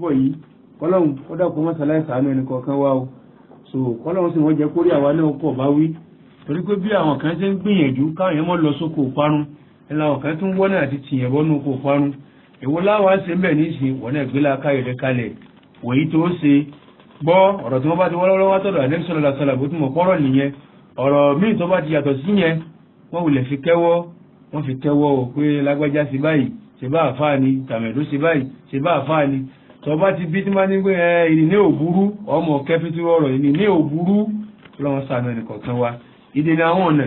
bọ̀ yìí kọ́lọ́hún ó dàpọ̀ mọ́sálá ìsàánú ẹnì kọ̀ọ̀kan wá o so kọ́lọ́hún sì wọ́n jẹ́ kórè àwa náà kọ̀ bá wí torí pé bí àwọn kan ṣe ń gbìyànjú káwọn yẹn mọ́ lọ sóko parun ẹ làwọn kan tún wọ́n náà ti tìyàn bọ́ nù kó parun èwo láwàá ṣe ń bẹ̀ nísìn wọ́n náà gbé lákàyè rẹ kalẹ̀ wòyí tó ṣe gbọ́ ọ̀rọ̀ tí wọ́n bá ti wọ́n lọ́wọ́ tọ̀dọ̀ àdẹ́sọ̀rọ̀ làṣọ̀là bó tún mọ̀ pọ́rọ̀ nìyẹn ọ̀rọ̀ míì tó bá ti yàtọ̀ sí yẹn wọ́n wulẹ̀ fi kẹ́wọ́ wọ́n fi kẹ́wọ́ o pé lágbájá ṣe báyìí ṣe bá àfáà ni tàmẹ̀dó ṣe báyìí ṣe bá àfáà ni tọba ti bí tí máa ní pé ẹ ìdílé òbúrú ọmọ kẹfìtì ọ̀rọ̀ ìdílé òbúrú lọ́wọ́n sàmì ẹnìkọ̀ọ̀kan wa ìdènà àwọn ọ̀nà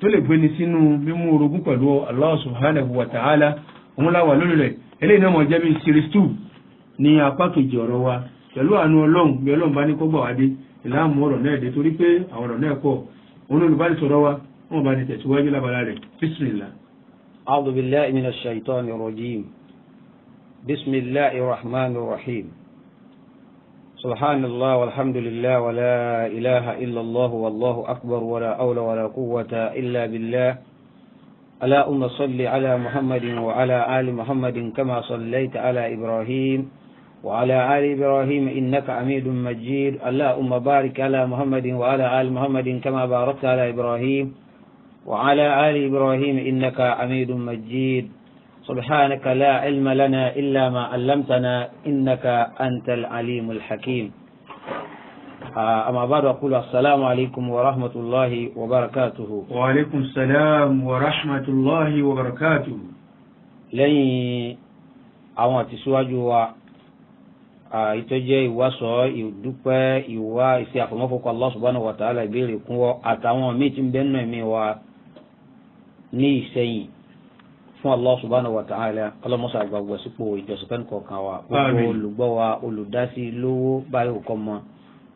tó lè gbéni sínú mímú orogún pẹ̀lú Allah subhanahu wa ta'ala òun láwà lórí rẹ̀ eléyìí náà mọ̀ jẹ́ bí series two ní apá kejì ọ̀rọ̀ wa pẹ̀lú àánú ọlọ́run bí ọlọ́run bá ní kó gbà wá dé ìlàmú ọ̀rọ̀ náà dé torí pé àwọn ọ̀rọ̀ náà pọ̀ òun olùbánisọ̀rọ̀ wa wọn bá ní tẹ̀síwájú بسم الله الرحمن الرحيم سبحان الله والحمد لله ولا إله إلا الله والله أكبر ولا أول ولا قوة إلا بالله ألا أم صل على محمد وعلى آل محمد كما صليت على إبراهيم وعلى آل إبراهيم إنك عميد مجيد اللهم بارك على محمد وعلى آل محمد كما باركت على إبراهيم وعلى آل إبراهيم إنك عميد مجيد سبحانك لا علم لنا إلا ما علمتنا إنك أنت العليم الحكيم أما بعد أقول السلام عليكم ورحمة الله وبركاته وعليكم السلام ورحمة الله وبركاته لن àwọn àtisíwájú wa ìtọ́jẹ́ ìwásọ ìdúpẹ́ ìwá ìṣe àfọmọ́fọ́kọ́ Allah subhanahu wa ta'ala ìbéèrè kún wọ́ àtàwọn míì tí ń bẹ́ẹ̀ náà mi wa ní ìsẹ́yìn fún allah subhanahu wa ta'ala ọlọmọsà gbàgbọ sípò ìjọsìn fẹ́ni kọ̀ọ̀kan wa gbogbo olùgbọ́ wa olùdásí lówó báyìí òkọ mọ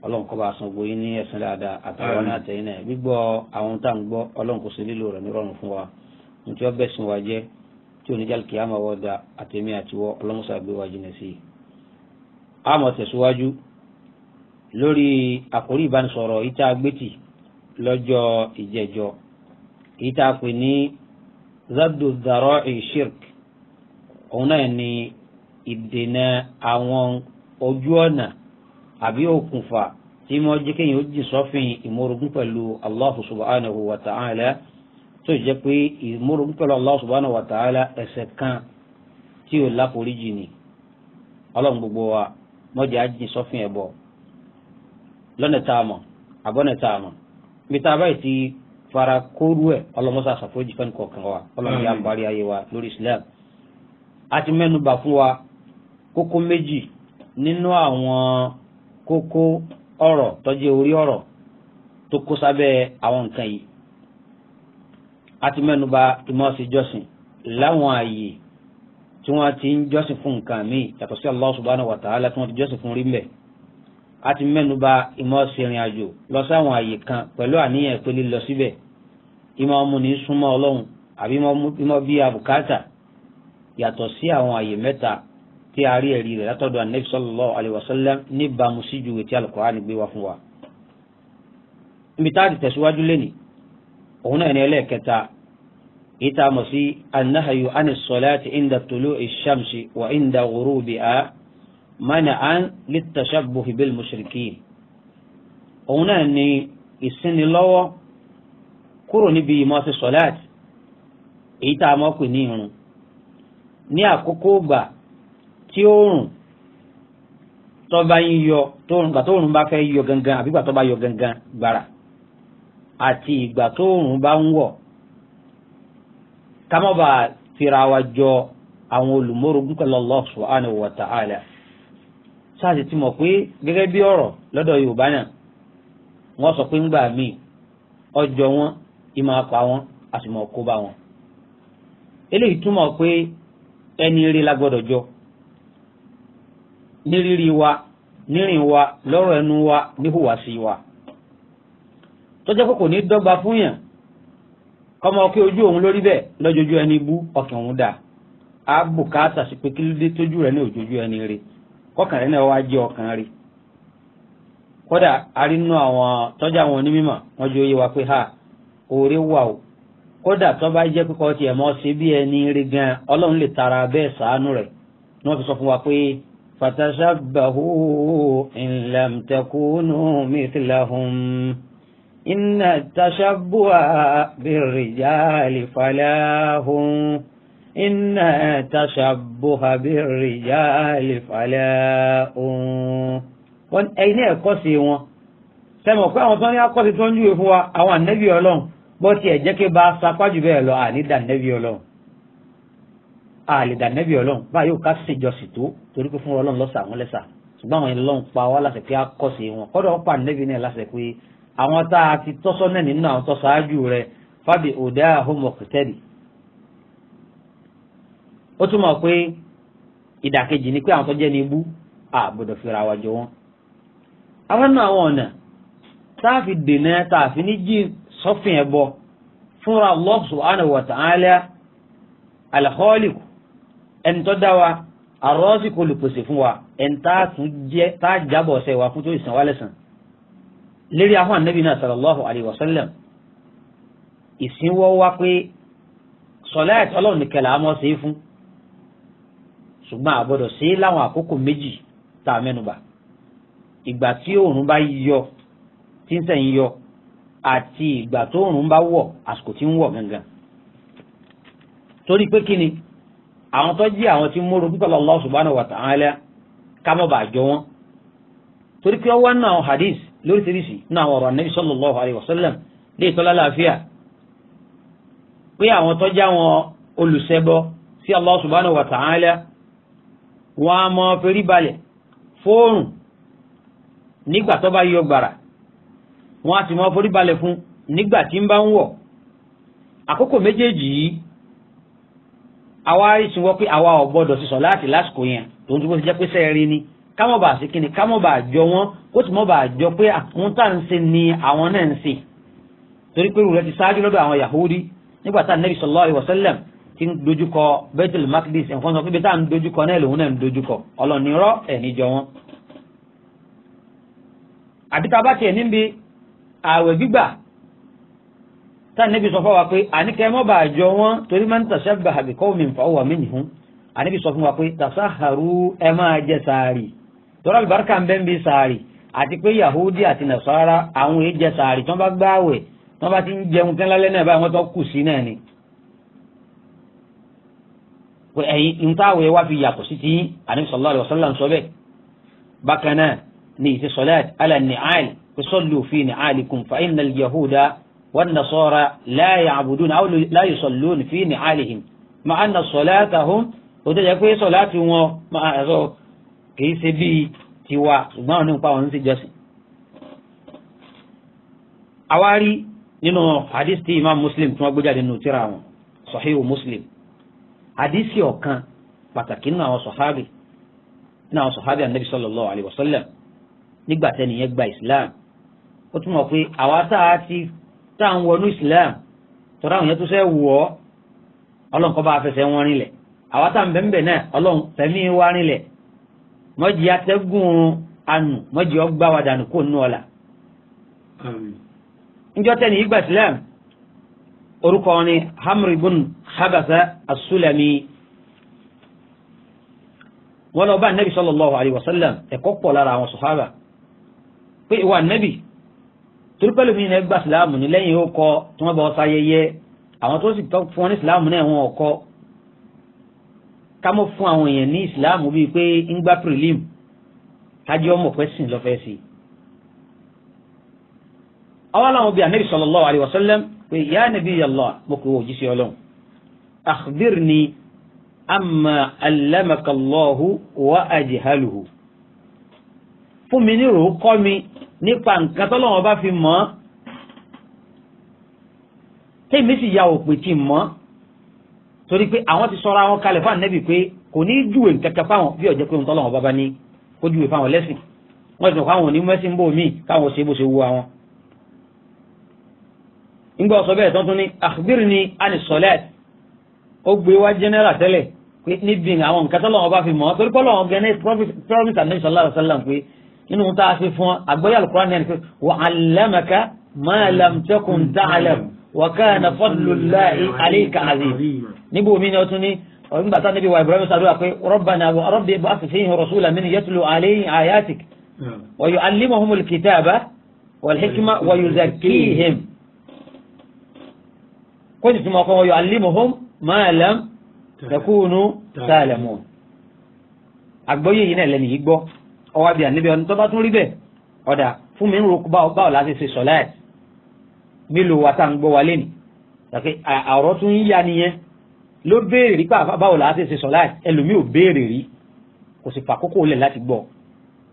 ọlọ́run kọ́ bá san gbogbo yín ní ẹ̀sìn dáadáa àtàwọn náà tẹ̀yìn náà gbígbọ́ àwọn tá à ń gbọ́ ọlọ́run kò sí lílo rẹ̀ nírọ̀rùn fún wa nítorí ọbẹ̀ sìn wa jẹ́ tí oníjàlù kìí àmọ́ wọ́n da àtẹ̀mí àtiwọ́ ọlọ́mọsà gbé wa jìnà sí i. a máa tẹ̀síwájú lórí àkórí ìbánisọ̀rọ̀ ìta gbẹ́tì lọ́jọ́ ìjẹ́jọ́ ìta pè ní zabdu dhara'i shirk òun náà ni ìdènà àwọn ojú ọ̀nà àbí òkùnfà tí mo jẹ́ kéèyàn ó jìn sọ́fìn ìmọ̀rògún pẹ̀lú Allahu subhanahu wa ta'ala tó jẹ́ pé ìmọ̀rògún pẹ̀lú Allahu subhanahu wa ta'ala ẹ̀ṣẹ̀ kan tí ò láforíjì ni ọlọ́run gbogbo wa mọ̀jẹ̀ á jìn sọ́fìn ẹbọ lọ́nà tá a mọ̀ àbọ̀nà tá a mọ̀ bí tá a báyìí ti fara kóru ẹ̀ ọlọ́mọ́sá àṣàforíjì fẹ́ni kọ̀ọ̀kan wa ọlọ́mọdé àbárí ayé wa lórí islam a ti mẹ́nu bà fún wa kókó méjì nínú àwọn kókó ọ̀rọ̀ tó jẹ́ orí ọ̀rọ̀ tó kó sábẹ́ àwọn nǹkan yìí a ti mẹ́nu bà ìmọ̀ọ́sí jọ́sìn láwọn ààyè tí wọ́n ti ń jọ́sìn fún nǹkan míì yàtọ̀ sí Allah subhanahu wa ta'ala tí wọ́n ti jọ́sìn fún rí mẹ́ẹ̀ a ti bà ìmọ̀ọ́sí ìrìn àjò lọ sáwọn ààyè kan pẹ̀lú àníyàn ìpele lọ síbẹ̀ ìmọ̀ ọmọ ní súnmọ́ ọlọ́run àbí ìmọ̀ bí abùkátà yàtọ̀ sí àwọn àyè mẹ́ta tí a rí ẹ̀rí rẹ̀ látọ̀dọ̀ anabi sallallahu alayhi wa sallam níbàámu sí ju ètí Al-Qur'ani gbé wá fún wa. níbi tá a ti tẹ̀síwájú lẹ́nì òun náà ní ẹlẹ́ẹ̀kẹta ìta mọ̀ sí anahayu anis salati inda tulu'i shamsi wa inda ghurubiha mana'an litashabbuhi bil mushrikin. òun náà ní ìsinilọ́wọ́ kúrò níbi ìmọ̀ ṣe sọ̀láàtì èyí tá a mọ̀ ní irun ní àkókò ìgbà tí oòrùn tó yọ tóòrùn gbà bá fẹ́ yọ gangan àbí gbà tó yọ gangan gbàrà àti ìgbà tóòrùn bá ń wọ̀ ká fira wa jọ àwọn olùmọ̀rògùn pẹ̀lú Allah sáàsì ti mọ̀ pé gẹ́gẹ́ bí ọ̀rọ̀ lọ́dọ̀ Yorùbá náà wọ́n sọ pé ń gbà ìmọ̀ apá wọn a sì mọ̀ kó bá wọn. eléyìí túmọ̀ pé ẹni rí la gbọ́dọ̀ jọ ní rírí wa nírìn wa lọ́rọ̀ ẹnu wa níhùwàsí wa tó jẹ́ pé kò ní dọ́gba fún yàn kọ́mọ kí ojú òun lórí bẹ́ẹ̀ lọ́jọ́jú ẹni bú ọkàn òun dà á bùkátà sí pé kí ló dé tójú rẹ̀ ní òjòjú ẹni rí kọ́kàn rẹ̀ náà wá jẹ́ ọkàn rí kódà a rí nínú àwọn tọ́jú àwọn onímọ̀ wọ́n jẹ́ oyé wa pé ha orí wà o kódà tó bá jẹ́ pé kọ́ tiẹ̀ mọ́ sí bí ẹni rí gan ọlọ́run lè tara bẹ́ẹ̀ sàánú rẹ̀ ni wọ́n fi sọ fún wa pé fatashabahu in lam takunu mithlahum inna tashabuha birrijali falahum inna tashabuha birrijali falahum. wọ́n ẹ̀yin ní ẹ̀kọ́ sí wọn sẹ́mi ọ̀pẹ́ àwọn tó ń yá kọ́sí tó ń júwe fún wa àwọn ànẹ́bí ọlọ́run bó ẹ̀ jẹ́ kí bá sapá jù bẹ́ẹ̀ lọ àní dànẹ́bí ọlọ́run àlè dànẹ́bí ọlọ́run báyìí ká tó torí pé fún ọlọ́run lọ́sà àwọn lẹ́sà ṣùgbọ́n àwọn ẹni lọ́run pa wá láṣẹ pé kọ́ sí wọn kọ́dọ̀ ó pa nẹ́bí àwọn tá a ti tọ́sọ́ náà nínú àwọn tó rẹ fábì ó túmọ̀ pé ìdàkejì ni pé àwọn tó jẹ́ ní ibú sọ́fìn ẹ̀bọ fúnra Allah subhanahu wa ta'ala al ẹni tó dá wa àrọ́sì fún wa ẹni tá a a jábọ̀ ọ̀sẹ̀ wa fún tó ìsàn wa lẹ́sàn lérí ahọ́n anabi náà sallallahu alayhi wa sallam wá pé ọlọ́run fún ṣùgbọ́n láwọn àkókò méjì tá a mẹ́nuba ìgbà tí bá yọ tí ń àti ìgbà tó òrùn bá wọ̀ àsìkò tí ń wọ̀ gangan torí pé kí ni àwọn tó jí àwọn tí ń múru pípẹ́ Allah subhanahu wa ta'ala ká mọ́ bàá jọ wọn torí pé ọwọ́ náà àwọn hadith lóríṣiríṣi náà àwọn ọ̀rọ̀ Ànábì sallallahu alayhi wa sallam lè tọ́lá láàfíà pé àwọn tó já wọn olùṣẹbọ sí Allah subhanahu wa ta'ala wọn a mọ wọn a sì máa forí balẹ̀ fún nígbà tí ń bá ń wọ̀ àkókò méjèèjì yìí àwa ìsìn wọ́n pé àwa ò gbọ́dọ̀ sísọ láti lásìkò yẹn tó ń tún bó ti jẹ́ pé sẹ́ẹ̀rin ni kámọ́ bá sí kíni kámọ́ bá jọ wọ́n kó sì mọ́ bá jọ pé àwọn tá à ń ṣe ni àwọn náà ń ṣe torí pé rúurẹ́ ti ṣáájú lọ́dọ̀ àwọn Yahudi nígbà tá Nabi sallallahu alaihi wasallam ti ń dojúkọ Baitul Maqdis ẹ̀fọn sọ pé tá à ń dojúkọ náà lòun náà ń dojúkọ ọlọ́nirọ́ ẹ̀ níjọ wọn. àbí bá tiẹ̀ níbi ààwẹ̀ gbígbà tá níbi sọ fún wa pé àníkẹ́ mọ́ bá àjọ wọn torí máa ń tashabbaha bi qawmin fa huwa minhum àníbi sọ fún wa pé tasaharu ẹ máa jẹ sàárì tọ́lá àlùbáríkà ń bẹ́ ń bí sàárì àti pé yahudi àti nasara àwọn èèyàn jẹ sàárì tí wọ́n bá gbáwẹ̀ tí wọ́n bá ti ń jẹun tán lálẹ́ náà báyìí wọ́n tó kù sí náà ni pé ẹ̀yin ntáwé wá fi yàtọ̀ sí ti àníbi sallallahu alaihi wasallam sọ bẹ́ẹ̀ bákan náà ni ìṣe sọlẹ́t alẹ́ àìlì يصلوا في نعالكم فإن اليهود والنصارى لا يعبدون أو لا يصلون في نعالهم مع أن صلاتهم وتجاكوا صلاتهم مع kìí ṣe bíi tiwa ṣùgbọ́n àwọn nípa òun sì jọ́sìn. àwárí nínú hadith tí imam muslim tí wọ́n gbé jáde nínú tírà wọn sahihu muslim hadith ọ̀kan pàtàkì nínú àwọn sọ̀hábì nínú àwọn sọ̀hábì anabi sallallahu alayhi wa sallam nígbà tẹ́niyẹn gba islam ó túmọ̀ pé àwa tá a ti tá à ń wọnú islam tọ́ra àwọn yẹn tó fẹ́ wù ọ́ ọlọ́run kọ́ bá a fẹsẹ̀ wọn rinlẹ̀ àwa tá à ń bẹ̀ǹbẹ̀ náà ọlọ́run fẹ̀mí wa rinlẹ̀ mọ́jì atẹ́gùn anù mọ́jì ọgbà wa dànù kó nù ọ̀la. njọ́ tẹ́ni ìgbà islam orúkọ ni hamri bun habasa asulami wọn lọ bá anabi sallallahu alayhi wa sallam ẹ̀kọ́ pọ̀ lára àwọn sọ̀hábà pé ìwà anabi torí pẹ̀lú mi yẹn gba ìsìláàmù ní lẹ́yìn ó kọ tí wọ́n bá ọsà ayẹyẹ àwọn tó sì fún ọ ní ìsìláàmù náà wọn ọkọ ká mọ̀ fún àwọn èèyàn ní ìsìláàmù bíi pé ń gbá prelim kájí ọmọ pẹ́ sìn lọ́fẹ́ sí i. àwọn aláwọ̀ bíi anabi sallallahu alaihi wasallam pé ya nabiyallah mo kò òjíṣẹ́ ọlọ́run akhbirni amma allamakallahu wa ajhaluhu fún mi ní ròó kọ́ mi nípa nǹkan tọ́lọ́wọ́n bá fi mọ̀ ọ́ tèmi sì ya òpè tí mọ́ torí pé àwọn ti sọra wọn kalẹ̀ fún ànẹ́bì pé kò ní júwe nǹkankan fáwọn bí ọ̀jẹ̀ pé nǹkan tọ́lọ́wọ́n bá bá ní kó júwe fáwọn lẹ́sìn wọ́n ti sọ fáwọn onímọ̀ẹ́sìn bò míì káwọn ṣe bó ṣe wù àwọn. ńgbà ọ̀sọ̀ bẹ́ẹ̀ tán tún ní akhbirni ani salat ó gbé wá general tẹ́lẹ̀ pé níbi àwọn nǹkan tọ́lọ́wọ́n bá fi mọ̀ torí pé Ọlọ́run gẹ́ni promise ànẹ́bì sallallahu alaihi wasallam nínú tá a ṣe fún ọ àgbọ́yé alukura ní ẹni pé wa allamaka ma lam takun ta'lam wa kana fadlullahi alayka azim níbo mi ni ọtún ní nígbà tá níbi wa ibrahim sàdúrà pé rabbana rabbi ba'ath fihim rasulan min yatlu alayhim ayatik wa yu'allimuhum alkitaba wal hikma wa yuzakkihim kó sì tún mọ̀ kọ́ wa yu'allimuhum ma lam takunu ta'lamun àgbọ́yé yìí náà lẹ́nu yìí gbọ́ ọwọ́ àbí àníbi ọdún tó bá tún rí bẹ́ẹ̀ ọ̀dà fún mi ń ro báwo láti ṣe sọ̀lá ẹ̀ mélòó wa tá à ń gbọ́ wa lẹ́nu tàbí àrọ́ tún ń yá nìyẹn ló béèrè rí pàápàá báwo láti ṣe sọ̀lá ẹ̀ ẹlòmíì ò béèrè rí kò sì fàkókò lẹ̀ láti gbọ́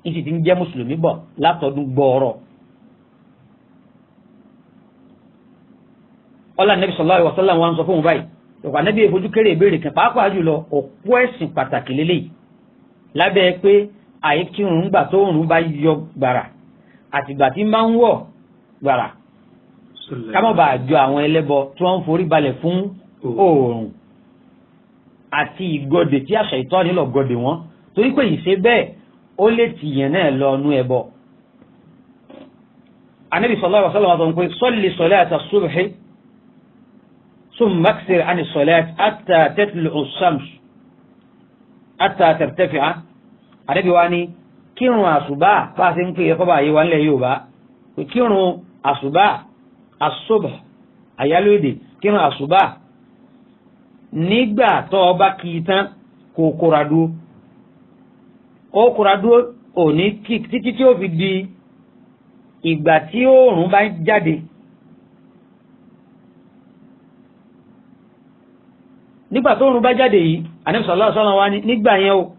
ìsì ti ń jẹ́ mùsùlùmí bọ̀ látọdún gbọ́ọ̀rọ̀ ọlá nẹ́bí sallallahu alaihi wasallam wọn sọ fún báyìí ọ̀pá nẹ́bí ìfojú ìbéèrè kan pàápàá jùlọ òpó àìkírun gbà tó òrùn bá yọ gbàrà àtìgbà tí máa ń wọ̀ gbàrà kámọ́bà àjọ àwọn ẹlẹ́bọ tí wọ́n ń forí balẹ̀ fún oòrùn àti ìgọdè tí àṣà ìtọ́ nílò gọdè wọn torí pé ìṣe bẹ́ẹ̀ ó lè tìyàn náà lọ nú ẹbọ. anabi sallallahu alaihi wasallam sọ pé salli salata subhi summa aksir ani salati hatta tatlu'u shams hatta tartafi'a. àdẹ́bí wa ní kírun àṣùbà a ṣe ń pè é kọ́ba àyè wa ńlẹ̀ Yorùbá kírun àṣùbà àṣùbà àyálò èdè kírun àṣùbà nígbà tó o bá kì í tán kò kóra dúró ó kóra dúró òní títí tí ó fi di ìgbà tí oòrùn bá jáde. nígbà tó oòrùn bá jáde yìí àníṣàlọ́ àṣọ́nà wa ní nígbà yẹn o.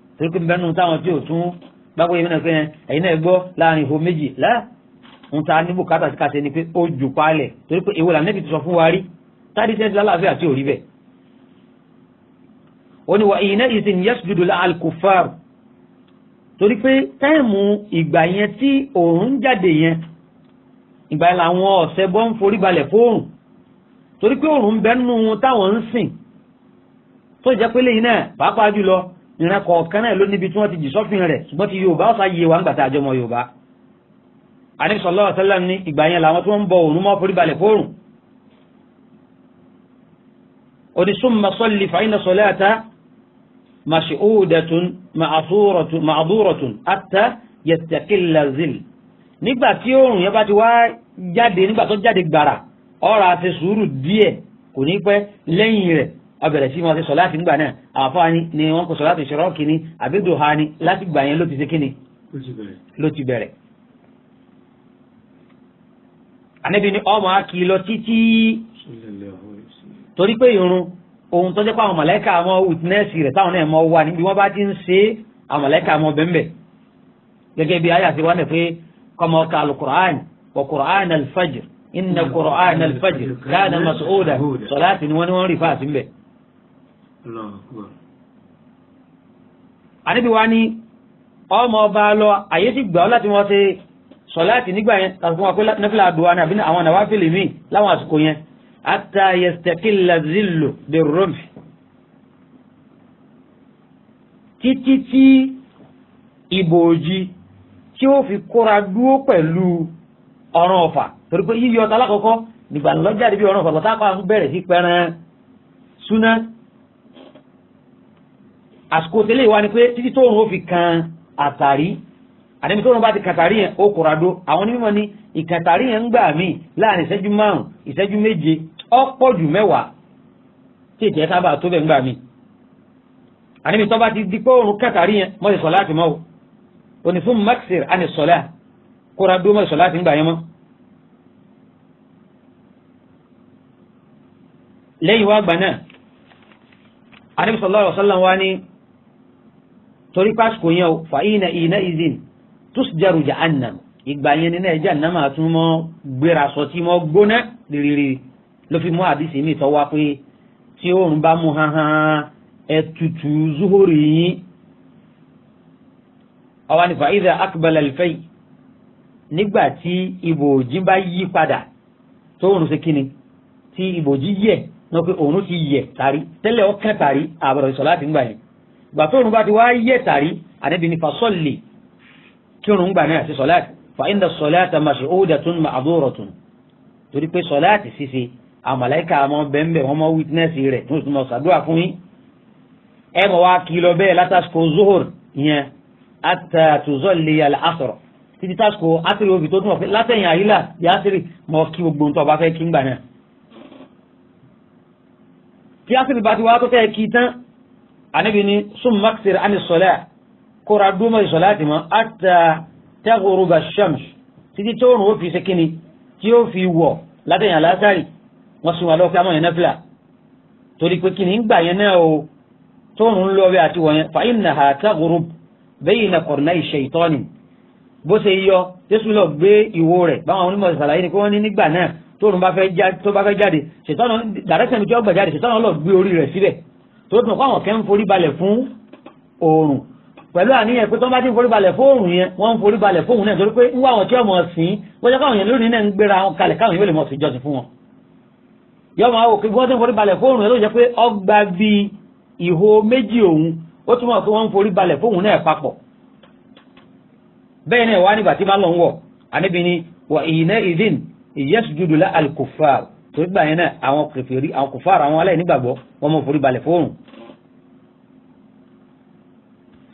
torí pé bẹ́ẹ̀ táwọn tí ò tún gbàgbọ́ yìí náà pé ẹ̀yin náà gbọ́ láàrin ìhò méjì lá ń ta ní bùkátà sí kàṣẹ ni pé ó jù palẹ̀ torí pé èwo làǹdẹ́bì ti sọ fún wa rí tádí sẹ́ńtì lálàáfíà tí ò rí ó ní wa ìyìnà ìsìn yasjudu la al-kuffar torí pé táìmù ìgbà yẹn tí òòrùn jáde yẹn ìgbà yẹn làwọn ọ̀sẹ̀ bọ́ ń forí balẹ̀ fóòrùn torí pé òòrùn bẹ́ẹ̀ nù táwọn ń sìn tó jẹ́ pé lẹ́yìn náà pàápàá jùlọ ìran kọ̀ọ̀kan náà ló níbi tí wọ́n ti jì sọ́fin rẹ̀ ṣùgbọ́n ti yorùbá ọ̀sà yé wa ńgbà tá a jọmọ yorùbá àníbi sallallahu alaihi wasallam ní ìgbà yẹn làwọn tó ń bọ òrùn mọ́ forí balẹ̀ fóòrùn onísùnmà sọ́lì fàyínà sọ́láta màṣíhúdàtún màdúrọ̀tún àtà yẹtẹ̀kìlà zil nígbà tí òrùn yẹn bá ti wá jáde nígbà tó jáde gbàrà ọ̀rọ̀ àti sùúrù díẹ̀ kò ní pẹ́ lẹ́yìn rẹ̀ ọbẹ̀rẹ̀ sí máa ṣe sọ láti gbà náà àfáà ni ni wọ́n kò sọ láti ṣe rọ́ọ̀kì ni àbídò ha ni láti gbà yẹn ló ti ṣe kí ni ló ti bẹ̀rẹ̀. àníbi ni ọmọ akì lọ títí torí pé irun ohun tó jẹ́ pé àwọn mọ̀lẹ́kà àwọn witness rẹ̀ táwọn náà mọ̀ wà níbi wọ́n bá ti ń ṣe àwọn mọ̀lẹ́kà àwọn bẹ́ńbẹ̀ gẹ́gẹ́ bí ayé àti wánẹ̀ pé kọ́mọ ka alukur'an wa kur'an alfajr inna kur'an alfajr kana mas'uda sọláàtì ni wọ́n ní wọ́n rí fáàsì ń bẹ̀ àníbi wa ní ọmọ ọba lọ àyè sì gbà ọ láti wọn ṣe sọláàtì nígbà yẹn láti wọn pé nẹfìlà àdúrà ni àbí àwọn nàwáfìlì míì láwọn àsìkò yẹn ata yẹsẹkìlà zìlò bẹ rọmì títí tí ìbòòjì tí ó fi kóra dúró pẹ̀lú ọ̀ràn ọ̀fà torí pé yíyọ ọ̀tá alákọ̀ọ́kọ́ nígbà lọ́jà débi ọ̀ràn ọ̀fà lọ́tà kan bẹ̀rẹ̀ sí pẹran súná àsìkò tẹ́lẹ̀ wa ni pé títí tóun ó fi kan àtàrí àdébí tóun bá ti kàtàrí yẹn ó kóra àwọn onímọ̀ ni ìkàtàrí yẹn ń gbà mí láàrin ìṣẹ́jú márùn ìṣẹ́jú méje ọ̀pọ̀ jù mẹ́wàá tí ìtẹ́ sábà tó bẹ̀ ń gbà mí àdébí tó bá ti di pé òun kàtàrí yẹn mọ́ ti sọ láti mọ́ o òní fún maxir àni sọlá kóra mọ́ ti sọ láti gbà yẹn mọ́. lẹ́yìn wá gbà náà àdébí sallallahu alaihi torí pásìkò yẹn o fa iná iná izin tusjaru jahannam ìgbà yẹn nínú ẹja náà máa tún mọ́ gbéra sọ tí mọ́ gbóná rírì ló fi mú àdìsí mi tọ́ wá pé tí oòrùn bá mú hanhan ẹtùtù zuhori yín ọwọ́ ní fa iza akbala nígbà tí ibòjì bá yí padà tó oòrùn ṣe kíni tí ibòjì yẹ náà pé oòrùn ti yẹ tàrí tẹ́lẹ̀ ọ̀kẹ́ tàrí àbọ̀rọ̀ ìsọ̀lá ti ń gbà yẹn gbà tó òrùn bá ti wá yẹ̀ tàrí ànábì ní fasọ́lì kí òrùn gbà náà sí sọ́láàtì fa inda sọ́láàtì mash'udatun ma'dhuratun torí pé sọ́láàtì ṣíṣe àmàlẹ́kà àmọ́ bẹ́ńbẹ́ wọn mọ́ wítínẹ́sì rẹ̀ tó tún mọ́ sàdúrà fún yín ẹ mọ̀ wá kí lọ bẹ́ẹ̀ látàsíkò zuhur yẹn àtàtúzọ́lì al-asr títí tásìkò átìrì obì tó tún ọ̀fẹ́ látẹ̀yìn àyílà yásìrì anabi ni summa ksir ani sola kóra dúmọ̀ ìsọ̀láàtì mọ́ àtà tagruba shams títí tí òun ó fi ṣe kíni tí ó fi wọ̀ látẹ̀yìn alásàrì wọ́n sún wa lọ́ọ́ pé àmọ́ yẹn náfìlà torí pé kíni ń gbà yẹn náà o tóun ń lọ bẹ àti wọ̀nyẹn fa innaha taghrub bayna qarnay shaytani bó ṣe yọ jésù lọ gbé ìwo rẹ̀ báwọn onímọ̀ ìsàlàyé ni pé wọ́n ní nígbà náà tóun bá fẹ́ jáde ṣètọ́nà dàrẹ́sẹ̀ mi tí wọ́n gbà jáde ṣètọ́nà lọ gbé orí rẹ̀ síbẹ̀ tó tún kọ́ àwọn kẹ́ ń forí balẹ̀ fún oòrùn pẹ̀lú àníyàn pé tó bá ti ń forí balẹ̀ fún oòrùn yẹn wọ́n ń forí balẹ̀ fún òun náà torí pé ń wá àwọn tí ọmọ sìn wọ́n jẹ́ káwọn yẹn lónìí náà ń gbéra wọn kalẹ̀ káwọn yẹn lè mọ̀ sí jọ́sìn fún wọn. yọmọ àwọn òkè wọ́n ti ń forí balẹ̀ fún oòrùn yẹn ló jẹ́ pé ọgbà bí ìhó méjì òun ó túmọ̀ pé wọ́n ń forí balẹ̀ fún òun náà papọ̀ torí gbà yẹn náà àwọn kèfèrí àwọn kòfàrà àwọn alẹ́ nígbàgbọ́ wọn mọ̀ forí balẹ̀ fóònù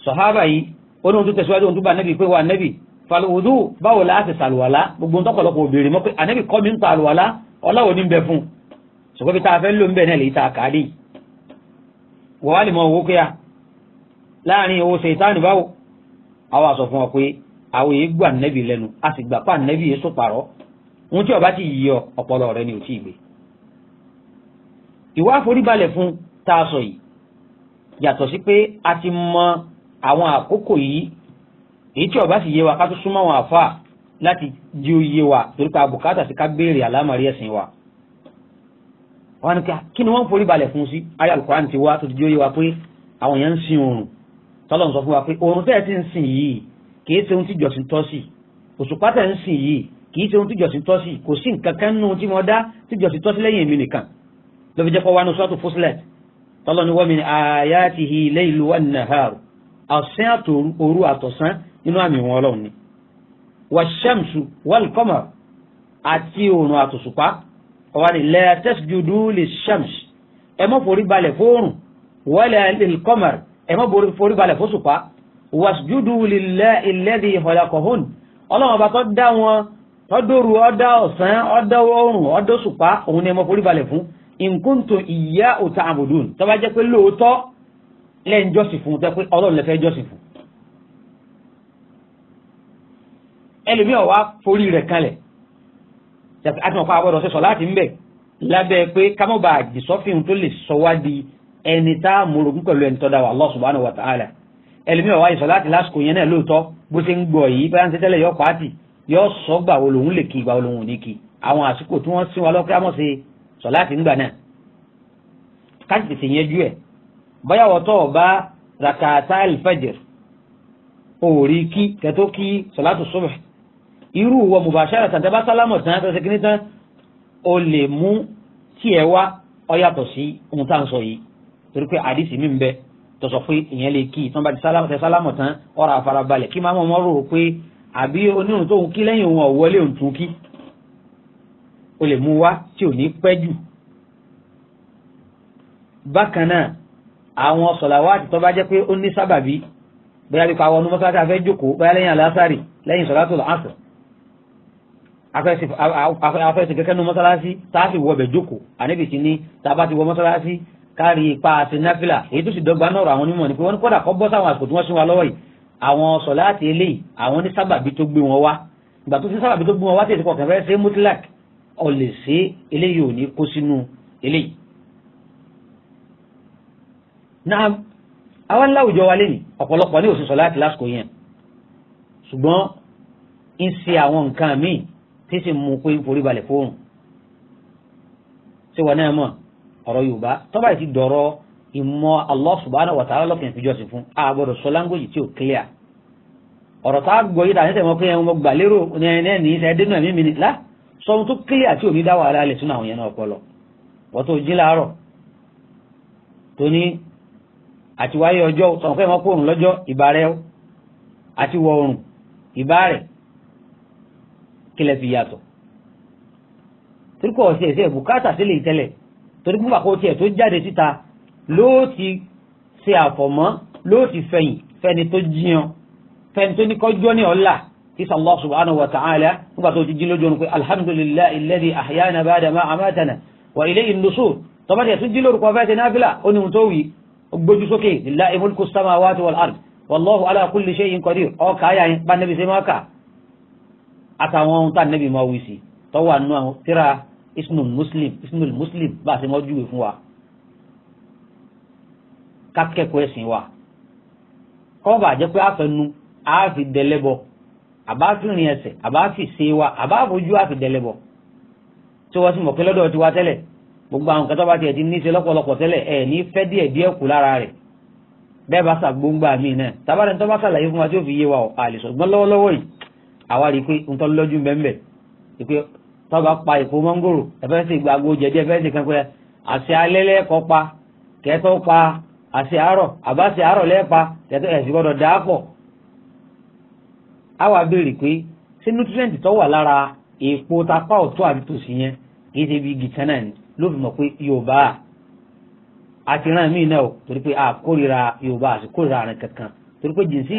sọ̀hábà yìí ó ní ohun tó tẹ̀síwájú ohun tó bá nẹ́bì pé wà nẹ́bì falùwùdú báwo la ṣe ṣàlùwàlá gbogbo ntọ́pọ̀lọpọ̀ òbèrè mọ́ pé ànẹ́bì kọ́ mi ń ta àlùwàlá ọláwo ní bẹ fún ṣùgbọ́n bí tá a fẹ́ lò ń bẹ̀ náà lè ta àkàrí wọ́n wá lè mọ owó kíá láàrin owó ṣe báwo àwọn àsọ fún ọ pé àwọn gbà nẹ́bì lẹ́nu a sì gbà pa nẹ́bì yẹn sọ ohun tí ọba ti yíyọ ọpọlọ rẹ ni ò tí ì gbé ìwà àforíbalẹ̀ fún tá a sọ yìí yàtọ̀ sí pé a ti mọ àwọn àkókò yìí èyí tí ọba sì yé wa ká tó súnmọ́ àwọn àfa láti di oyé wa torí pé àbùkátà sí ká béèrè àlámọ̀rí ẹ̀sìn wa wọn ni kí ni wọ́n forí balẹ̀ fún sí ayé alukoran ti wá tó ti di oyé wa pé àwọn èèyàn ń sin oòrùn tọ́lọ̀ ń sọ fún wa pé oòrùn tẹ́ẹ̀ ti ń sìn yìí kìí ṣe ohun tí ìjọsìn tọ́ sí òṣùpá tẹ̀ ń sìn yìí kì í ṣe ohun tíjọsìn tọ́ sí kò sí nǹkan kan nù tí mo dá tíjọsìn tọ́ sí lẹ́yìn èmi nìkan ló fi jẹ́ kó wánú sọ́tù Fussilat tọ́lọ́ ni wọ́n mi ayatihi laylu wan-nahar ọ̀sán àtòru òru àtọ̀sán nínú àmì wọn ọlọ́run ni wash-shamsu wal-qamar àti òòrùn àtòṣùpá ọ̀wá ni la tasjudu lish-shams ẹ má forí balẹ̀ fóòrùn wala ọlọ́run ọba tó dá wọn tọ́dọ̀rù ọ̀dà ọ̀sán ọ̀dà oòrùn ọ̀dà òṣùpá òun ni ẹ mọ forí balẹ̀ fún nǹkan tó ìyá òta àbòdùn tó bá jẹ́ pé lóòótọ́ lẹ́yìn jọ́sìn fún tẹ́ pé ọlọ́run lẹ́fẹ́ jọ́sìn fún. ẹlòmíràn wá forí rẹ̀ kanlẹ̀ àti ọ̀pá àbọ̀dọ̀ ṣe sọ láti ń bẹ̀ lábẹ́ pé kámọ́bà àjìsọ́fìn tó lè sọ wá di ẹni tá a mọ̀rògún pẹ̀lú ẹni tọ́ wà Allah subhanahu wa ta'ala ẹlòmíràn wá ìsọ̀ láti lásìkò yẹn náà lóòótọ́ bó ṣe ń yóò sọ gbà wo lòun lè kí gbà wo lòun ò ní kí àwọn àsìkò tí wọ́n sin wa lọ́kẹ́ àmọ́ ṣe sọ láti ń gbà náà káàsì tètè yẹn jú ẹ̀ bóyá wọ́tọ̀ ọba rakata alfajr òòrí kí kẹtó kí sọlátù subh irú wọ mubashara tàbí sálámọ̀ tán tó ṣe tán o lè mú tí ẹ wá ọ yàtọ̀ sí ohun tá à ń sọ yìí torí pé àdìsí mi ń bẹ tọ̀sọ̀ pé ìyẹn lè kí tí wọ́n bá ti sálámọ̀ tán ọ̀rọ̀ àfarabalẹ̀ kí máa mọ̀ mọ́ rò pé àbí onírun tóun kí lẹ́yìn òun ọ̀wọ́lé òun tún kí o lè mú wá tí ò ní pẹ́ jù bákan náà àwọn sọ̀làwátì tó bá jẹ́ pé ó ní sábàbí bóyá bí pàwọn ọdún mọ́sálásí afẹ́ jókòó bóyá lẹ́yìn àlásàrì lẹ́yìn sọ̀látò àṣà afẹ́sì kẹ́kẹ́ nu mọ́sálásí táàfì wọbẹ̀ jókòó àníbi ti ní tàbá ti wọ mọ́sálásí kárí ipa àti náfìlà èyí tó sì dọ́gba náà àwọn onímọ̀ ni pé wọ́n kọ́dà kọ́ bọ́ sáwọn àsìkò tí wọ́n sún wa lọ́wọ́ yìí àwọn sọ̀láàtì eléyìí àwọn ní sábàbí tó gbé wọn wá ìgbà tó sí sábàbí tó gbé wọn wá tètè pọ̀ kẹfẹ́ ṣe mutlak ó lè ṣe eléyìí ò ní kó sínú eléyìí. náà àwọn láwùjọ wa lẹ́yìn ọ̀pọ̀lọpọ̀ ní ó ṣe lásìkò yẹn ṣùgbọ́n ń ṣe àwọn nǹkan míì tí sì mú pé forí balẹ̀ fóònù ṣé wọn náà mọ̀ ọ̀rọ̀ Yorùbá tọ́ba ìmọ̀ Allah subhanahu wa ta'ala lọ́kàn ìfijọ́sìn fún àgbọ̀dọ̀ sọ láńgòjì tí ò clear ọ̀rọ̀ tá a gbọ́ yìí tàbí tẹ̀mọ́ pé ẹ̀hún mo gbà lérò ní ẹni ìṣẹ́ dénú ẹ̀mí mi ni lá sọ clear tí ò ní dá wàhálà lẹ̀ sínú àwọn yẹn náà ọpọlọ wọ́n tó jí láàárọ̀ tó ní àti wáyé ọjọ́ sọ pé ẹ̀mọ́ pòrùn lọ́jọ́ ìbárẹ́ àti wọ oòrùn ìbárẹ̀ kílẹ̀ fi yàtọ̀ torí kò ọ̀sẹ̀ ló ti ṣe àfọ̀mọ́ ló ti fẹ̀yìn fẹ́ni tó jiyàn fẹ́ni tó ní kọjọ́ ní ọ̀la tíṣà Allah subhanahu wa ta'ala nígbà tó ti jí lójú ọ̀nà pé alhamdulillahi alladhi ahyana ba'da ma amatana wa ilayhin nusur tọ́mọ́tì ẹ̀sùn jí lórúkọ fẹ́ẹ́ ti náfìlà ó ní ohun tó wí gbójú sókè lillahi mulku samawati wal ard wallahu ala kulli shay'in qadir ọkà ayà yẹn bá nẹ́bi sẹ́mi kákẹ́kọ̀ọ́ ẹ̀sìn wa kọ́ba jẹ́ pé àfẹnu àáfi dẹlẹ́bọ àbáfìrin ẹsẹ̀ àbáfi ṣe wa àbáfojú àfi dẹlẹ́bọ tí wọ́n sì mọ̀ pé lọ́dọ̀ ti wa tẹ́lẹ̀ gbogbo àwọn kẹtọ́ bá tiẹ̀ ti ní í ṣe lọ́pọ̀lọpọ̀ tẹ́lẹ̀ ẹ̀ ní fẹ́ díẹ̀ díẹ̀ kù lára rẹ̀ bẹ́ẹ̀ bá ṣàgbóngbà míì náà tábàdàn tó bá wa tí ó fi yé wa àlè ṣùgbọ́n lọ́wọ́lọ́wọ́ yìí àwa rí i pé tọ́ lọ́jú àti àárọ̀ àbáṣe àárọ̀ lẹ́ẹ̀pa tẹ̀tọ́ ẹ̀sìn gbọ́dọ̀ dáa pọ̀ a wá béèrè pé ṣé nutrienti tó wà lára èèpo tapá ọ̀tún àbí tòsí yẹn kì í ṣe bí igi kan ni ló fi mọ̀ pé yorùbá àti ìran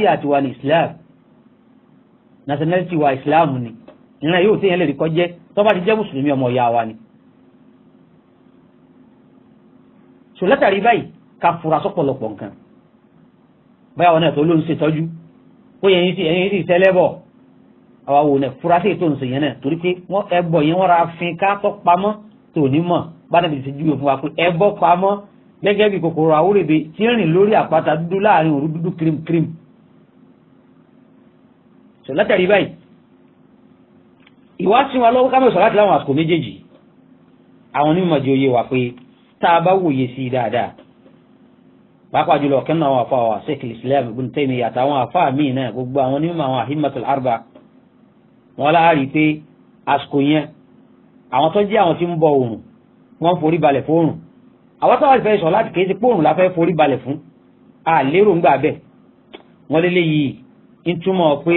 a islam nationality wa islam ni ìran yóò téèyàn lè rí tó bá ti jẹ́ mùsùlùmí ọmọ ìyá wa ni. báyìí ká fura sọ́pọ̀lọpọ̀ nǹkan báyà wọn náà tó ló ń ṣètọ́jú ó yẹ yín sí ẹ̀yìn sí tẹ́lẹ́bọ̀ àwa wò náà fura sí ètò ìṣe yẹn náà torí pé wọ́n ẹbọ yẹn wọ́n ra fin ká tọ́ pamọ́ tó ní mọ̀ bá dàbí ti júwe fún wa pé ẹbọ pamọ́ gẹ́gẹ́ bí kòkòrò àwórèbe tí ń rìn lórí àpáta dúdú láàrin òru dúdú kírímkírím sọ látàrí báyìí ìwá sí wa lọ́wọ́ kámẹ́ sọ láti láwọn àsìkò méjèèjì àwọn onímọ̀ jẹ́ òye wà pé tá a bá wòye sí i dáadáa pàápàá jùlọ kẹ́nu àwọn afa wa sheikh islam ibn taymi àtàwọn afa míì náà gbogbo àwọn onímọ̀ àwọn ahimatul arba wọn láàárí pé àsìkò yẹn àwọn tó jẹ́ àwọn tí ń bọ oòrùn wọ́n forí balẹ̀ fóòrùn àwọn táwọn ìfẹ́ sọ láti kéde póòrùn la fẹ́ forí balẹ̀ fún a lérò ń gbà bẹ́ẹ̀ wọ́n lé léyìí ń túmọ̀ pé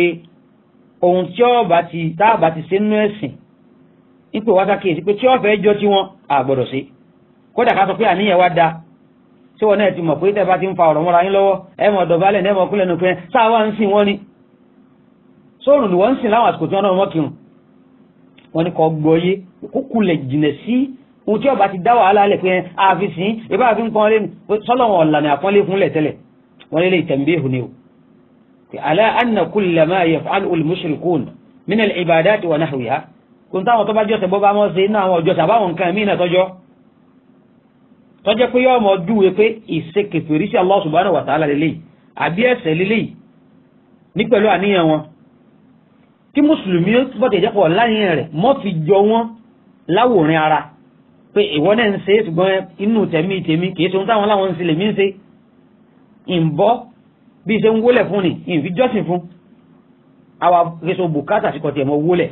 ohun tí ọba ti táàbà ti ṣe nínú ẹ̀sìn ń pè wá sákèésí pé tí ọ̀fẹ́ jọ tí wọ́n àgbọ̀dọ̀ sí kódà ká sọ pé àníyàn wá dáa tí wọn náà ti mọ̀ pé tẹ́ bá ti ń fa ọ̀rọ̀ mọ́ra yín lọ́wọ́ ẹ mọ̀ dọ̀bálẹ̀ ní ẹmọ kúlẹ̀ nù pé sáà wá ń sìn wọ́n ni sóòrùn ni wọ́n ń sìn láwọn àsìkò tí wọ́n náà mọ́ kírun wọ́n ní kọ́ gbọ́yé kúkulẹ̀ jìnà sí ohun tí ọba ti dá wàhálà lẹ̀ pé àfi sìn ìbá àfi ń pọn lé sọ́lọ́wọ̀n ọ̀lànà àpọ́nlé fúnlẹ̀ tẹ́lẹ̀ wọ́n lélẹ̀ tanbihu ni o tọ́jẹ́ pé yọ́ ọmọ dúwe pé ìṣe kèfèrí sí Allah subhanahu wa ta'ala lélẹ́yìí àbí ẹ̀ṣẹ̀ lélẹ́yìí ní pẹ̀lú àníyàn wọn kí mùsùlùmí bọ́tẹ̀ jẹ́pọ̀ láyìn rẹ̀ mọ́ fi jọ wọn láwòrán ara pé ìwọ náà ń ṣe é ṣùgbọ́n inú tẹ̀mí tèmi kì í ṣe ohun táwọn láwọn ń ṣe lèmi ń ṣe ìbọ́ bí ṣe ń wólẹ̀ fún ni ìfi jọ́sìn fún àwa fèsò bùkátà sí kọ̀tì ẹ̀mọ́ wólẹ̀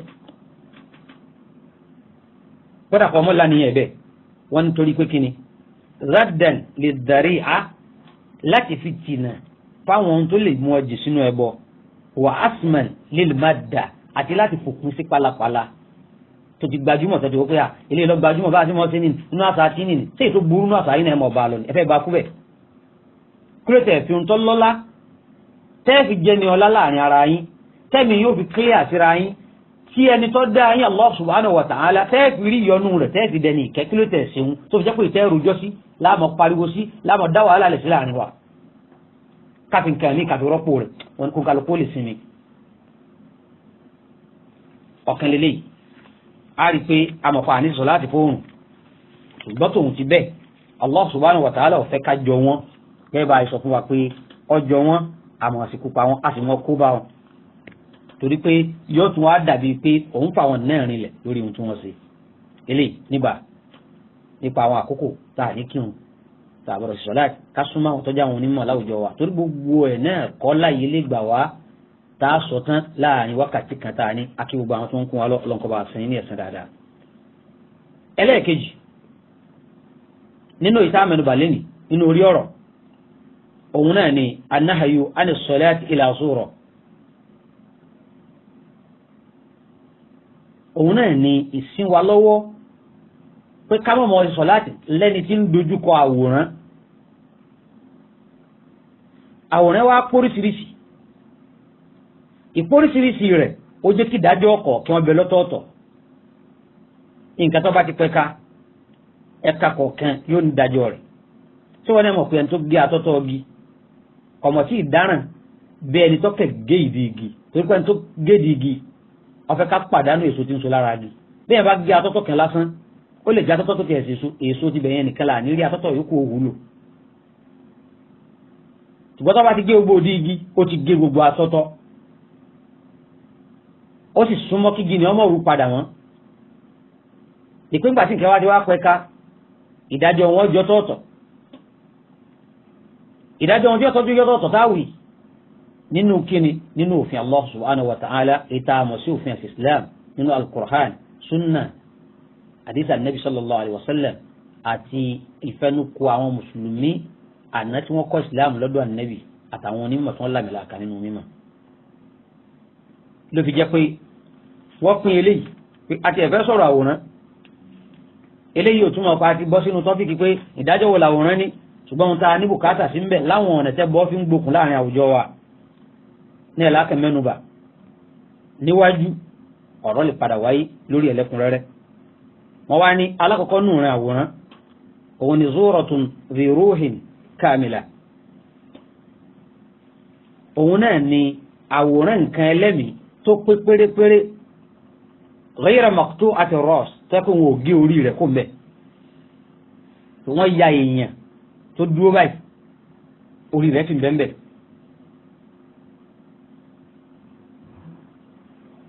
gbọ́dà kọ́ ọmọ lánìyàn ẹ̀bẹ̀ wọ́n ń torí pé kíni raddan lè darí a láti fi tìnà fáwọn ohun tó lè mú ọ jì sínú ẹbọ wà asman lil madda àti láti fòpin sí pálapàla tó ti gbajúmọ̀ tó ti wọ́n pé à ilé lọ gbajúmọ̀ bá a ti mọ̀ sí inú àṣà tí ni tí èso burú inú àṣà yìí náà mọ̀ bá lọ ni ẹ fẹ́ bá kú bẹ̀. kúrètè fi ohun tó lọ́lá tẹ́ẹ̀ fi jẹ́ ni ọlá láàrin ara yín tẹ́ẹ̀mí yóò fi clear síra yín tí ẹni tó dá yín Allah subhanahu wa ta'ala tẹ́ẹ̀kì rí ìyọnu rẹ̀ tẹ́ẹ̀kì dẹni ìkẹ́kílẹ̀ tẹ̀síun tó fi jẹ́ pé ìtẹ́ rojọ́ sí láàmọ̀ pariwo sí láàmọ̀ dá wàhálà lẹ̀ sí láàrin wa káfí nǹkan ní kàfi rọ́pò rẹ̀ wọn kò kálukú lè sinmi. ọ̀kan lélẹ́yìí a rí i pé amọ̀fà àní sọ láti fóònù ṣùgbọ́n tòun ti bẹ́ẹ̀ Allah subhanahu wa ta'ala ó fẹ́ torí pé yóò tún wá dàbí pé òun fà wọn náà rinlẹ̀ lórí ohun tí wọ́n ṣe eléyìí níbà nípa àwọn àkókò tá a ní kírun tá a bọ̀rọ̀ sí ká súnmọ́ àwọn tọ́jú àwọn onímọ̀ láwùjọ wa torí gbogbo ẹ̀ náà kọ́ láyé lè gbà wá tá a sọ tán láàrin wákàtí kan tá a ní akí gbogbo àwọn tó ń kún wa lọ́nkọ́ bá sin ní ẹ̀sìn dáadáa. ẹlẹ́ẹ̀kejì nínú ìta mẹ́nubà lẹ́nì nínú orí ọ̀rọ̀ òun náà ni anahayu anisọ́láàtì ìlà sóòrọ̀ òun náà ni ìsín wa lọ́wọ́ pé ká mọ̀ mọ́ sọ láti lẹ́ni tí ń dojúkọ àwòrán àwòrán wa póríṣiríṣi ìpóríṣiríṣi rẹ̀ ó jẹ́ kí ìdájọ́ ọkọ̀ kí wọ́n bẹ lọ́tọ̀ọ̀tọ̀ nǹkan tó bá ti pẹ́ ká ẹ̀ka kọ̀ọ̀kan yóò ní ìdájọ́ rẹ̀ tí wọ́n náà mọ̀ pé ẹni tó gé atọ́tọ́ ọgi ọmọ tí ìdáràn bẹ́ẹ̀ ni tó kẹ̀ gé ìdí igi torí pé ẹni tó gé ìdí igi wọ́n fẹ́ ká pàdánù èso tí ń so lára gi bí yẹn bá gé atọ́tọ̀ kan lásán ó lè gé atọ́tọ̀ tó tiẹ̀ sèso èso ti bẹ̀yẹn nìkan là nírí atọ́tọ̀ yòókù òwúlò ṣùgbọ́n tó bá ti gé gbogbo òdi igi ó ti gé gbogbo atọ́tọ̀ ó sì súnmọ́ kí gini ọmọ òru padà wọ́n ìpín gbàtí nǹkan wá ti wá pẹ́ ká ìdájọ́ wọn jọ tọ̀ọ̀tọ̀ ìdájọ́ wọn jọ tọ́jú yọ tọ̀ọ̀tọ̀ táwìí nínú kíni nínú òfin allah subhanahu wa ta'ala ìta àmọ̀ sí òfin islam nínú al-Qur'an sunna hadith anabi sallallahu alayhi wa sallam àti ìfẹnukò àwọn mùsùlùmí àná tí wọ́n kọ́ islam lọ́dọ̀ anabi àtàwọn onímọ̀ tí wọ́n làmìlà kan nínú mímọ̀ ló fi jẹ́ pé wọ́n pín eléyìí pé àti ẹ̀fẹ́ sọ̀rọ̀ àwòrán eléyìí ò túmọ̀ pa àti bọ́ sínú tọ́pìkì pé ìdájọ́ wo làwòrán ní ṣùgbọ́n ohun tá a ní bùkátà láwọn ọ̀nà tẹ́ bọ́ fi ń gbókun láàrin àwùjọ wa ní ẹ̀ láti mẹ́nuba níwájú ọ̀rọ̀ lè padà wáyé lórí ẹ̀lẹ́kùnrẹ́rẹ́ wọ́n wá ní alákọ̀ọ́kọ́ nù rẹ̀ àwòrán òun ni zúrọ̀tún fi rúhìn kàmìlà òun náà ni àwòrán nǹkan ẹlẹ́mìí tó pé pérépéré ghayra maqtu àti ross tẹ́kùn wọn gé orí rẹ̀ kó mbẹ́ wọ́n ya èèyàn tó dúró báyìí orí rẹ̀ fi bẹ́ẹ̀ bẹ́ẹ̀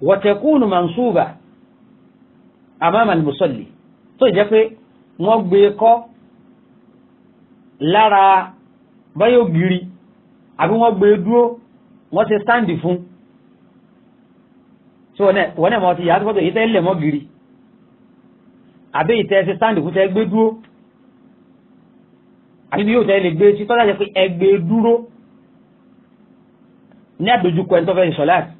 وتكون منصوبة أمام al-musalli tó jẹ́ pé wọ́n gbé kọ́ lára báyọ̀ gírí àbí wọ́n gbé dúró wọ́n ṣe sáǹdì fún tí wọ́n náà mọ́ ti yàtọ̀ fọ́tò ìtẹ́ ilẹ̀ mọ́ gírí àbí ìtẹ́ ṣe sáǹdì fún tẹ́ gbé dúró àbí bí yóò tẹ́ lè gbé sí tọ́jà jẹ́ pé ẹ gbé dúró ní àdójúkọ ẹni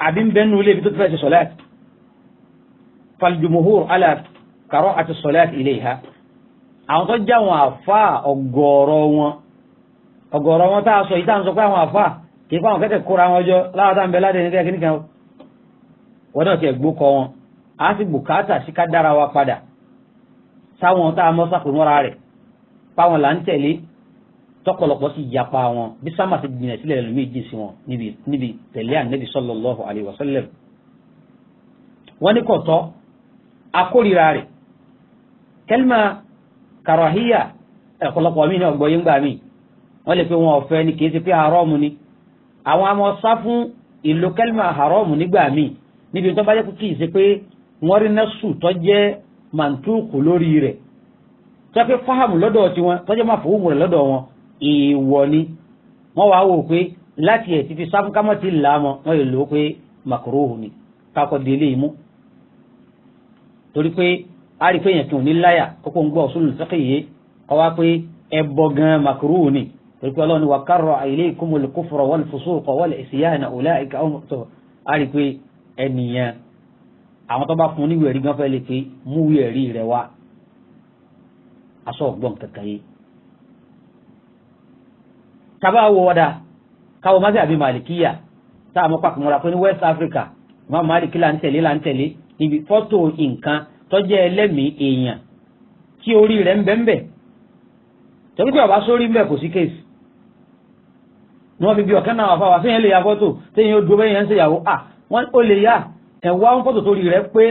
àbí ń bẹ́nu ilé ibi tó ti fẹ́ ṣe sọ̀láàtì faljumuhur ala kàrọ́ àti sọ̀láàtì ilé ìhá àwọn tó já wọn àfà ọ̀gọ̀ọ̀rọ̀ wọn ọ̀gọ̀ọ̀rọ̀ wọn tá a sọ yìí tá a sọ pé àwọn àfà kì í pa àwọn kẹ́kẹ́ kóra wọn jọ láwọn tá à ń bẹ ládé ní kẹ́kẹ́ nìkan wọn náà ti ẹ̀gbó a sì bùkátà sí ká dára wa padà sáwọn tá a mọ́ sàkómọ́ra rẹ̀ páwọn là ń tẹ̀lé tọ̀pọ̀lọpọ̀ sì yapa wọn bí sáma ti gbìyànjú sílẹ̀ lẹ́nu méjì sí wọn níbi tẹ̀lé ànábì sallallahu alaihi wasallam wọ́n ní kò tọ́ akórira rẹ̀ kẹ́lìmà kàràhíyà ẹ̀pọ̀lọpọ̀ mi ní ọgbọ̀yé ńgbà mi wọ́n lè pe wọn ọ̀fẹ́ ni kìí ti pé àrọ́ọ̀mù ni àwọn amọ̀ sá fún ìlú kẹ́lìmà àrọ́ọ̀mù nígbà mi níbi tó bá yẹ kí ìṣe pé wọ́n rí nẹ́sù tó jẹ́ màǹtúùkù lórí rẹ̀ tó yẹ pé fáhàmù lọ́dọ̀ tiwọn tó jẹ́ máa fòwúmù rẹ̀ lọ́dọ̀ wọn ìwọ ni wọ́n wá wò pé láti ẹ̀ ti fi sáfúnkámọ́ ti là á mọ́ wọ́n lè lò ó pé makarohu ni kákọ́ di ilé imú torí pé a rí pé èèyàn kìí ò ní láyà kókó ń gbọ́ òṣùlù sẹ́kì yìí kọ́ wá pé ẹbọ gan makarohu ni torí pé ọlọ́run wà kárọ̀ àìlè ìkúmọ̀ kófòrò wọ́n lè fòṣó kọ́ lè ṣìyá ẹ̀nà òlà ìka ọmọ tó a rí pé ẹnìyàn àwọn tó bá fún un níwèé rí gan fẹ́ lè pé mú wíẹ̀ rí rẹ̀ wá aṣọ ọ̀gbọ́n kankan yìí tàbá wo wọ́dà káwọ́ mọ́sí àbí màlìkíyà tá a mọ́ pàkó mọ́ra pé ní West Africa ma maliki là ń tẹ̀lé là ń tẹ̀lé níbi fọ́tò nǹkan tọ́jẹ́ ẹlẹ́mìí èèyàn tí orí rẹ̀ ń bẹ́ ń bẹ̀ tọ́jú pé ọba sórí ń bẹ̀ kò sí kéèsì ni wọ́n fi bí ọ̀kẹ́ náà wà fáwọn àfihàn lè ya fọ́tò téèyàn ó dúró bẹ́yẹn ń ṣèyàwó à wọ́n ó lè yá ẹ̀wá ń fọ́tò torí rẹ̀ pé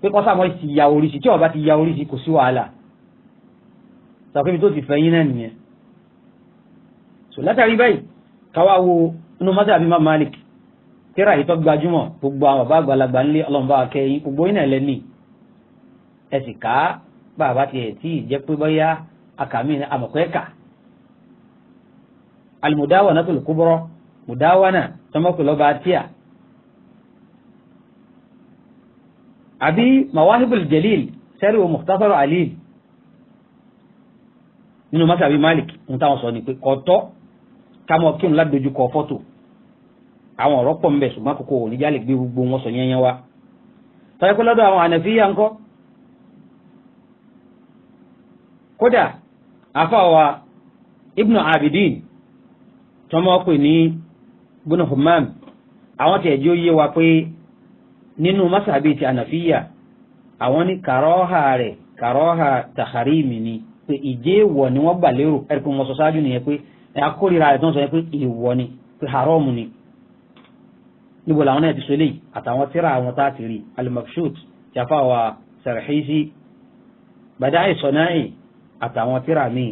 pé kọ́sà mọ́ ti ya oríṣi tí ọba ti ya oríṣi kò sí wàhálà sọ ibi tó ti fẹ́yìn náà nìyẹn so látàrí báyìí káwá wo inú mọ́tàbí má Malik tíra ìtọ́ gbajúmọ̀ gbogbo àwọn bàbá àgbàlagbà ńlẹ̀ ọlọ́mọba akẹ́yìn gbogbo iná ẹlẹ́ni ẹ sì ká bàbá tiẹ̀ tí ì jẹ́ pé bóyá akàmì àmọ̀kẹ́kà alimudawana tó lè kó bọ́rọ́ mudawana tọmọkùlọ́ba tíà àbí mawahibul jalil sẹ́rìwò mukhtasar alil nínú mọ́tàbí Malik ń táwọn sọ ni pé kọ́tọ́ kámọ́ kí n ládójú kọ fọ́tò àwọn ọ̀rọ̀ pọ̀ ń bẹ ṣùgbọ́n kókó òní jálè gbé gbogbo wọn sọ yẹnyẹn wa tọ́jú pé lọ́dọ̀ àwọn ànàfíyà ńkọ́ kódà àfàwà ibnu abidin tọmọ pè ní gbóná humam àwọn tẹ̀ jí ó yé wa pé nínú masabi ti ànàfíyà àwọn ní kàrọ́hà rẹ̀ kàrọ́hà tàhárìmì ni pé ìjẹ́wọ̀ ni wọ́n gbà lérò ẹ̀rù pé wọ́n sọ ṣáájú nìyẹn pé akórira rẹ̀ tó ń sọ pé ìwọ ni pé haramu ni níbo làwọn náà ti sọ eléyìí àtàwọn tíra àwọn tá a ti rí al jafawa sarhisi badai sonai àtàwọn tíra míì